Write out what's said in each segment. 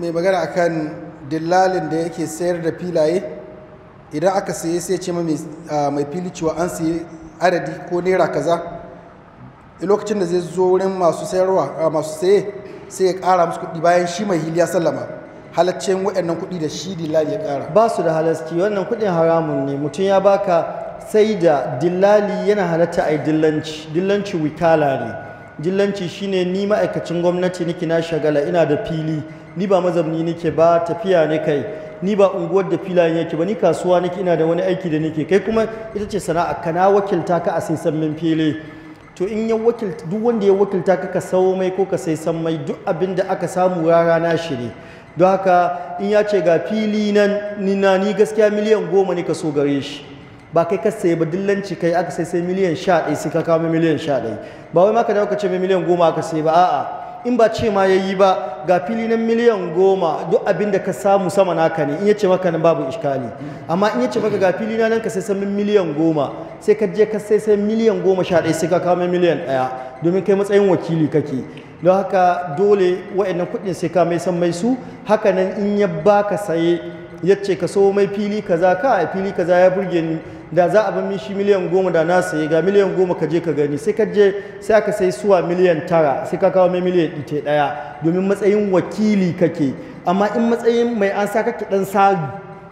mai magana akan dillalin da yake sayar da filaye idan aka saye sai ce mai fili cewa an saye adadi ko naira kaza lokacin da zai zo wurin masu sayarwa masu saye sai ya kara musu kuɗi bayan shi mai hiliya sallama halaccen waɗannan kuɗi da shi dillali ya kara ba su da halasci wannan kuɗin haramun ne mutum ya baka sai da dillali yana halatta a dillanci dillanci wikala ne dillanci shine ni ma'aikacin gwamnati niki na shagala ina da fili ni ba mazamni nake ba tafiya ne kai ni ba unguwar da filayen yake ba ni kasuwa nake ina da wani aiki da nake kai kuma ita ce sana'a ka na wakilta ka a sisan min fili to in ya wakilta duk wanda ya wakilta ka ka sawo mai ko ka sai san mai duk abin da aka samu rara na shi ne don haka in ya ce ga fili nan ni na ni gaskiya miliyan goma ne ka so gare shi ba kai ka sai ba dillanci kai aka sai sai miliyan sha ɗaya sai ka kawo miliyan sha ɗaya ba wai ma ka dawo ka ce miliyan goma aka sai ba a'a in ba ce ma ya yi ba ga fili na miliyan goma duk abin da ka samu sama naka ne in ya ce maka nan babu iskali amma in ya ce maka ga fili na nan ka sai samin miliyan goma sai ka je ka sai sai miliyan goma sha ɗaya sai ka kawo miliyan ɗaya domin kai matsayin wakili kake don haka dole wa'annan kuɗin sai ka mai san mai su haka nan in ya baka saye ya ce ka so mai fili kaza ka fili kaza ya burge ni da za a ban shi miliyan goma da na ya ga miliyan goma ka je ka gani sai ka je sai aka sai suwa miliyan tara sai ka kawo mai miliyan ɗite ɗaya domin matsayin wakili kake amma in matsayin mai an sa kake ɗan sari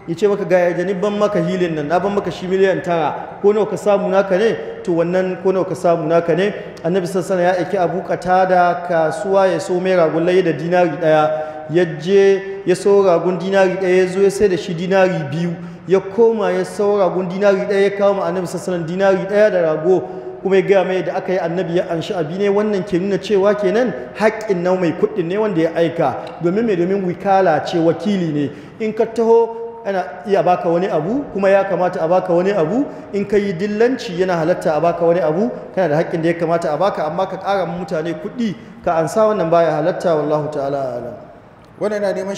ya ce maka ga yadda ban maka hilin nan na ban maka shi miliyan tara ko nawa ka samu naka ne to wannan ko nawa ka samu naka ne annabi sassana ya aiki abu kata da kasuwa ya so mai ragun ragullai da dinari ɗaya ya je ya so ragun dinari ɗaya ya zo ya sai da shi dinari biyu ya koma ya sau ragon dinari ɗaya ya kama annabi sassanan dinari ɗaya da rago kuma ya gaya mai da aka yi annabi ya anshi abi ne wannan ke nuna cewa kenan haƙƙin na mai kuɗin ne wanda ya aika domin mai domin wikala ce wakili ne in ka taho ana iya baka wani abu kuma ya kamata a baka wani abu in ka yi dillanci yana halatta a baka wani abu kana da haƙƙin da ya kamata a baka amma ka ƙara mutane kuɗi ka ansa wannan baya halatta wallahu ta'ala alam